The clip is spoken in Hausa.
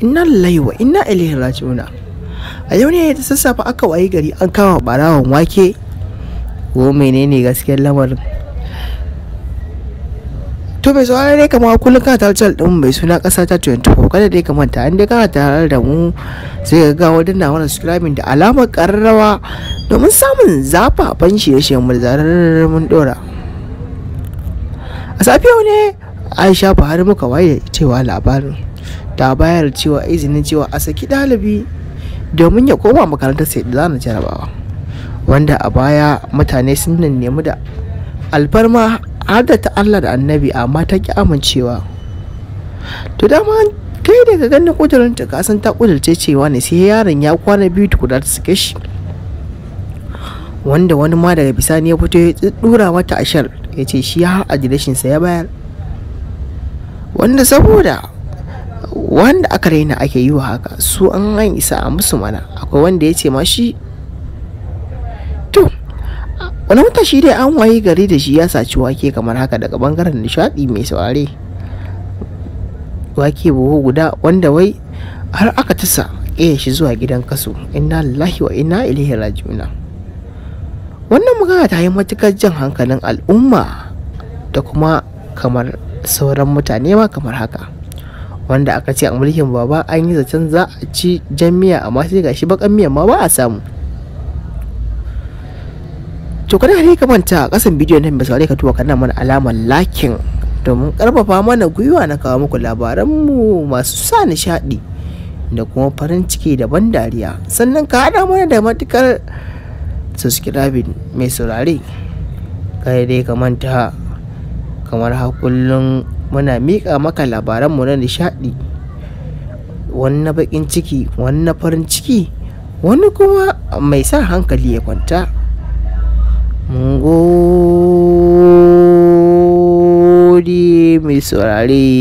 inna laiwa, wa inna ilaihi raji'una a yau ne ta sassafe aka wayi gari an kama barawan wake ko menene gaskiyar lamarin to bai saurare dai kama kullum kana tare din mai suna kasa ta 24 kada dai an dai kana tare da mu sai ga ga na wani subscribing da alamar karrawa domin samun zafafan shirye-shiryen mu da mun dora a safiya ne Aisha Buhari muka waye cewa labarin ta bayar cewa izinin cewa a saki ɗalibi domin ya koma makarantar sai da na jarabawa wanda a baya mutane sun nemi da alfarma har da ta Allah da annabi amma ta ki amincewa to dama kai daga ganin kudurin ta kasan ta kudurce cewa ne sai yaron ya kwana biyu tukuna ta suke shi wanda wani ma daga bisani ya fito ya dura mata ashar ya ce shi har adireshinsa ya bayar wanda saboda wanda aka raina ake yi wa haka su an an isa a musu mana akwai wanda ya ce ma shi to wani shi dai an waye gari da shi ya saci wake kamar haka daga bangaren nishadi mai saurare wake buhu guda wanda wai har aka tasa ƙeya shi zuwa gidan kaso inna lillahi wa inna ilaihi rajiuna wannan magana ta yi matukar jan hankalin al'umma da kuma kamar sauran mutane ma kamar haka wanda aka ce a mulkin baba an yi zaton za a ci jan miya amma sai gashi bakan miyan ma ba a samu to kada ka manta a kasan bidiyon nan bisa ka tuwa kana mana alamar lakin domin karfafa mana gwiwa na kawo muku labaranmu masu sa nishaɗi da kuma farin ciki da ban dariya sannan ka haɗa mana da matukar subscribing mai saurare kada dai ka manta kamar hakullin muna miƙa maka labaranmu na nishaɗi wani na baƙin ciki wani farin ciki wani kuma mai sa hankali ya kwanta mun gode mai saurare